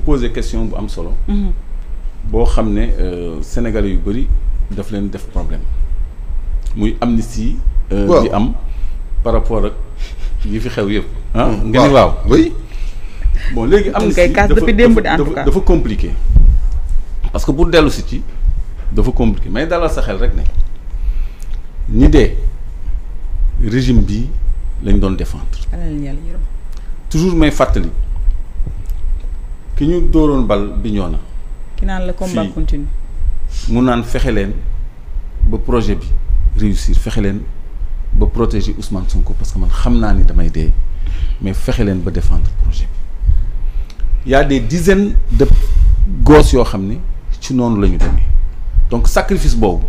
poser question bu am solo. Mhm. boo xam euh, sénégalais yu de daf leen def problème oui amnistie. Euh, am par rapport à yi fi xew yëpp. Ah, mm, oui. bon les amnistie dafa compliqué. parce que pour dellu si de dafa compliqué mais dans la xel rek ne ni dee régime bi lañ défendre. toujours mais fatalité ki ñu dóoroon bal bi ñoo na. ki la combat continue mu naan fexe le ba projet bi réussir fexe le ba protéger Ousmane Sonko parce que man xam naa ni damay dee mais fexe le ba défendre projet Il y a des dizaines de gosses yoo xam ne ci noonu la donc sacrifice boobu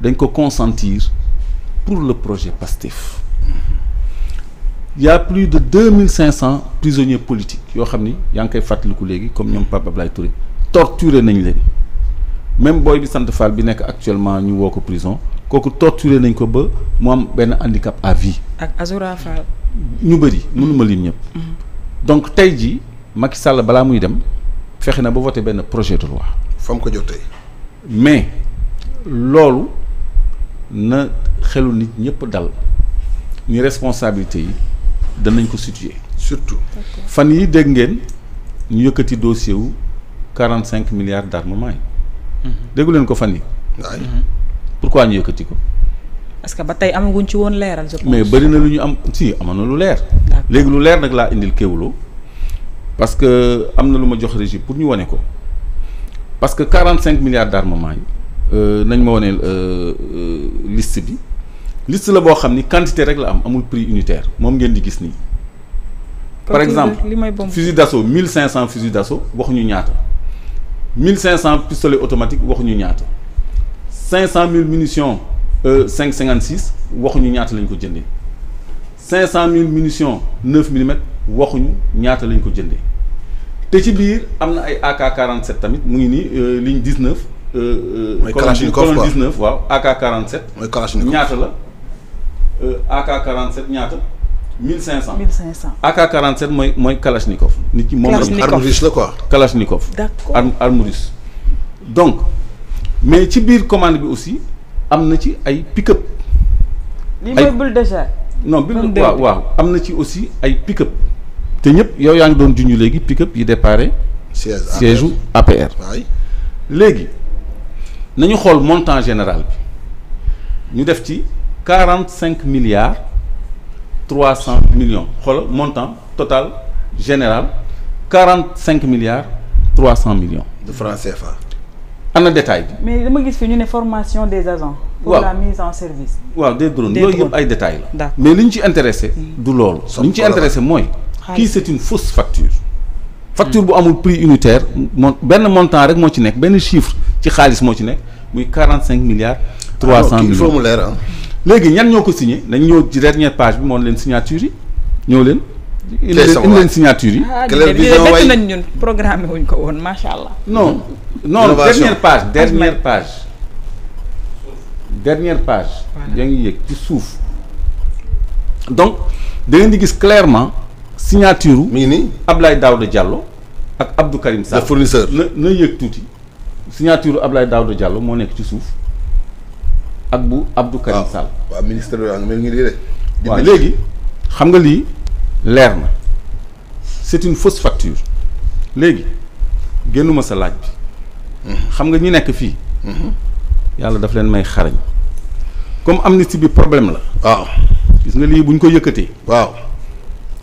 dañ ko consentir pour le projet pastif il y a plus de 2500 prisonniers politiques Yo xamni yang kay ngi koy fàttaliku comme ñom papa Ablaye Touré torturé nañ leen même boy bi sant Fall bi nek actuellement ñu woo ko prison kooku torturé nañ ko ba mu am ben handicap à vie. ak Azoura Fall. ñu bëri mënuma lim ñep. Mm-hmm. donc tey jii Macky Sall balaa muy dem fexe na ba ben projet de loi. Fam ko jotee. mais lolu na xelu nit ñep dal ni responsabilité yi danañ ko situer surtout fan yi dégg ngeen ñu yëkkati dossier wu 45 milliards d'armement yi mhm. déggu leen ko fan yi mhm. pourquoi ñu yëkkati ko parce que ba tey amaguñ ci woon leeral mais bëri na lu ñu am si amoon na lu leer léegi lu leer nag laa indil Kéwoulo parce que am na lu ma jox régie pour ñu wane ko parce que 45 milliards d'armement yi euh, nañ ma wane euh, euh, liste bi liste la boxe ni quantité rek la am amul prix unitaire mom ngeen di ni par exemple fusil d'assaut 1500 fusil d'assaut waxu ñu ñaata 1500 pistolet automatique waxu ñu ñaata 500000 munitions euh 556 waxu ñu ñaata lañ ko 500 500000 munitions 9 mm waxu ñu ñaata lañ ko té ci bir, amna AK47 tamit mu ngi euh, ligne 19 euh, 19 euh, AK47 ñaata la euh, AK47 ñaata. 1500 1500. AK47 mooy mooy Kalachnikov. nit ki moom le quoi. Kalachnikov d'accord arme donc mais ci biir commande bi aussi am na ci ay pick-up. li mooy bul déjà. non bi waaw waaw am na ci aussi ay pick-up te ñëpp yow yaa ngi doon junj léegi pick-up yi déparé. siège APR léegi nañu xool montant général bi ñu def ci. 45 milliards 300 millions. Le montant total général 45 milliards 300 millions. De francs CFA. En détail. Mais je y a une formation des agents pour la mise en service. Wow, des drones. Il y a des détails. Mais ce qui est intéressé, c'est ce qui est intéressé, moi, qui c'est une fausse facture. Facture qui pour un prix unitaire, ben le montant avec moi, ben le chiffre qui est 45 milliards 300 millions. Ah il faut hein léegi ñan ñoko signé dañ ñëw ci dernière page bi moon leen signature yi ñëw leen. indi leen signature yi. ah nañ ñun programme wuñ ko won machallah non non dernière page dernière page. dernière page. yaa ngi ci souf donc da ngeen di clairement signature. mi ngi Daouda Diallo ak Abdou Karim Sarr. le fournisseur na na touti tuuti signature Ablaye Daouda Diallo mo nek ci souf ak bu Abdou Karim Sall. waaw ministre de mel ni de. waaw léegi xam nga lii leer na c'est une fausse léegi génnuma sa laaj bi. Mhm. xam nga ñu nekk fii. Mhm. yàlla daf leen may xarañ. comme amnistie bi problème la. waaw gis nga lii bu ñu ko yëkkatee. waaw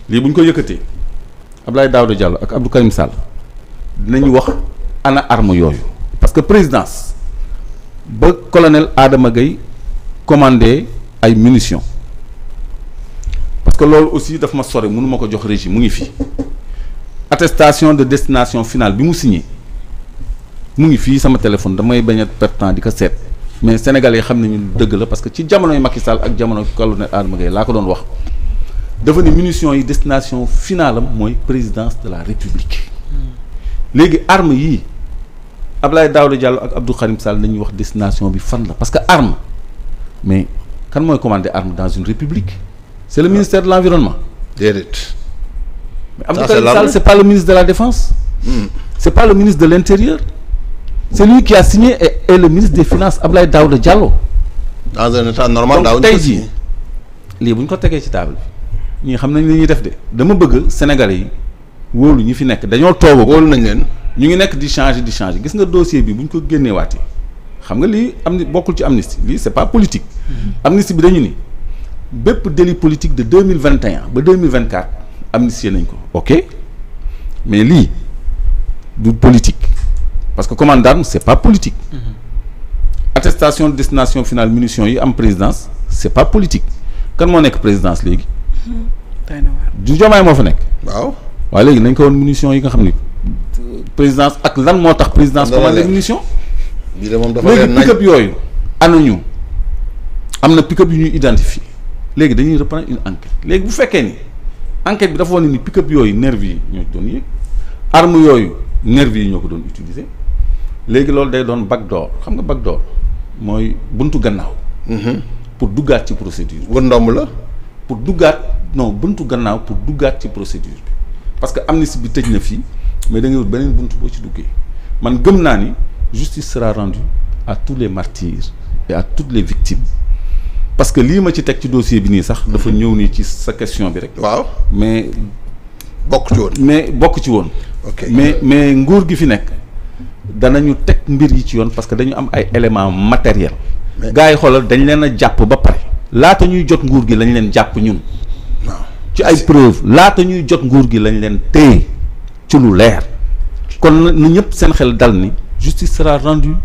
lii bu ñu ko yëkkatee Abdoulaye Daouda Diallo ak Abdou Karim Sall dinañu wax ana arme yooyu parce que présidence. ba colonel Adama Gueye commandé ay munitions parce que loolu aussi daf ma sore mënu ma ko jox régime mu fi attestation de destination finale bi mu signé mu ngi sama téléphone damay bañ a perte temps di ko seet mais sénégalais yi xam nañu la parce que ci jamonoy Macky Sall ak jamono colonel Adama Gueye laa ko que wax dafa ne munitions yi destination finale c'est la présidence de la république hmm. les armes yii. Ablaye Daouda Diallo ak Abdou Karim Sall nañuy wax destination bi fan parce que arme mais kan on commander armes dans une république c'est le ministère de l'environnement déedéet mais Abdou Karim Sall c'est pas le ministre de la défense hmm. c'est pas le ministre de l'intérieur c'est lui qui a signé et le ministre des finances Ablaye Daouda Diallo dans un état normal Dawo. tey jii lii bu ñu ko tegee ci table bi ñii xam nañ li def de dama bëgg sénégalais yi wóolu ñi fi nekk dañoo ñu ngi nek di changer di changer gis nga dossier bi buñ ko ko waté xam nga li am bokul ci c'est pas politique. Mm-hmm. amnistie bi dañu ni bép délit politique de 2021, mille 2024, amnistie ba nañ ko. ok mais li, du politique parce que commandant, ce c'est pas politique. Mm-hmm. attestation de destination finale munitions yi am présidence c'est pas politique kan est nek présidence légui du jomay mo fa nek waaw wa légui nañ ko won munitions yi nga xamni présidence ak lan moo tax présidence commande munition léegi pick-up yooyu anuñu am na pick-up yu ñuy identifier légui dañuy reprendre une enquête légui bu féké ni enquête bi dafa wane ni pick-up nervi yi ñoo doon yëg arme yooyu nervi yi ñoo utiliser légui lool day backdoor xam nga backdoor moy buntu gannaaw mhm. pour duggaat ci procédure bi ndomb la pour duggaat non buntu gannaaw pour duggaat ci procédure parce que amnistie bi tëj na mais da ngay wut beneen buntu boo ci duggee man gëm na ni justice sera rendue à tous les martyrs et à toutes les victimes parce que li ma ci tek ci dossier bi ni sax dafa mm-hmm. ñëw ni ci sa question bi rek. waaw mais. bokku ci won mais bokku ci woon. mais mais nguur gi fi nekk danañu tek mbir yi ci yoon parce que dañu am ay éléments matériels. gaay xolal dañ leena japp ba paré la tañuy jot nguur gi lañ leen japp ñun. ci ay preuves la tañuy jot nguur gi lañ leen téy l'air qu'on quand nous ñëpp seen xel justice sera rendue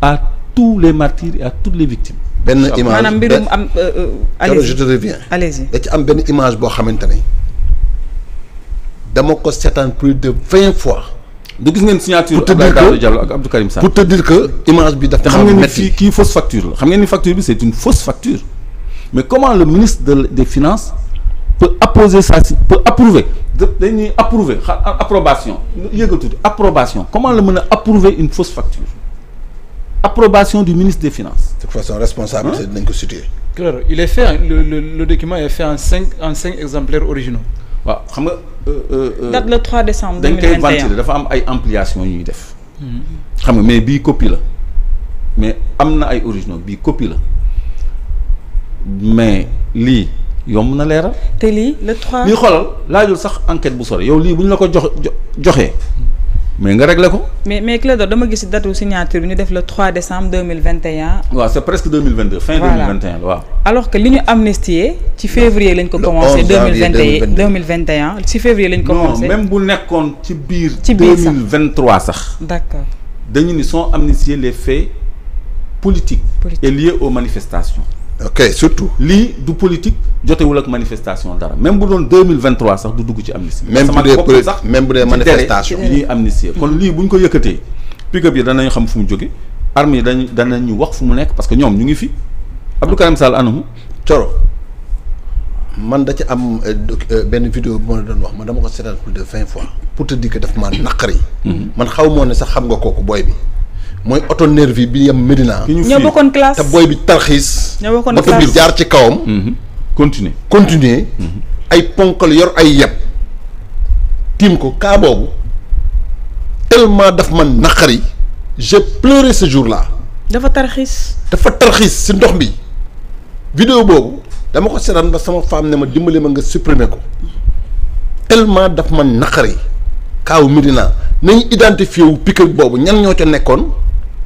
à tous les martyrs et à toutes les victimes. ben image euh, euh, je te reviens. allez-y da ci am image boo xamante dama ko plus de 20 fois. de gis ngeen signature de la gare ak pour te dire que image bi daf xam fausse facture la xam facture c'est une fausse facture mais comment le ministre des finances peut apposer ça peut approuver dañuy approuver approbation tout. approbation comment le monde approuver une fausse facture approbation du ministre des finances. de toute façon responsable hein? c'est d'un ko il est fait le document est fait en cinq en cinq exemplaires originaux. Euh, euh, euh, date le 3 décembre. dañ il y dafa am ay ampliation yu ñuy def. Mhm. xam nga mais bi copie la mais amna ay originaux bi copie la mais l'I yomb na leeral. te lii le 3 lii xoolal laajul sax enquête bu sore yow lii bu ñu la ko jox joxee mais nga réglé ko. mais mais Claude, dama gis datu signature bi ñu def le 3 décembre 2021. waaw c'est presque 2022. fin 2021 waaw. alors que li ñu amnistié ci février lañ ko commencé. 2021 2021 ci février lañ commencé. non même bu nekkoon ci biir. ci 2023 sax. d' dañu ni sont amnistiés les faits politiques. politiques et liés aux manifestations ok surtout. Li du politique c'est ak manifestation même bu 2023 2023, sax même si manifestations, même manifestation amnistie kon li, ko xam fu mu parce que nous sommes ngi Abdou Sall anou. man da ci euh, euh, vidéo Je plus de 20 fois pour te dire que daf ma naqari mhm. man Je ne sax xam nga mooy oto nervi bi yem Medina. ñoo bokkoon classe te booy bi tarxiis. ñoo bokkoon classe oto bi jaar ci kawam. Mhm. continuer continuer. Mhm. ay ponkal yor ay yeb. tiim ko kaa boobu tellement daf man naqari j'ai pleuré ce jour-là. dafa tarxiis. dafa tarxiis si ndox bi. vidéo boobu dama ko seetaan ba sama femme ne ma dimbali ma nga supprimer ko tellement daf man naqari kaaw Medina nañ identifié wu pique boobu ñan ñoo ca nekkoon.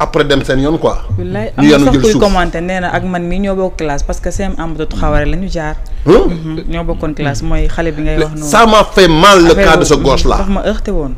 après dem seen yoon quoi. wallaay am na sax kuy commenté ak man mi ñoo bokk classe parce que seen amatut xaware la ñu jaar. ñoo bokkoon classe mooy xale bi ngay wax noonu. ça m'a fait mal le cas de ce gosse ma heurté woon.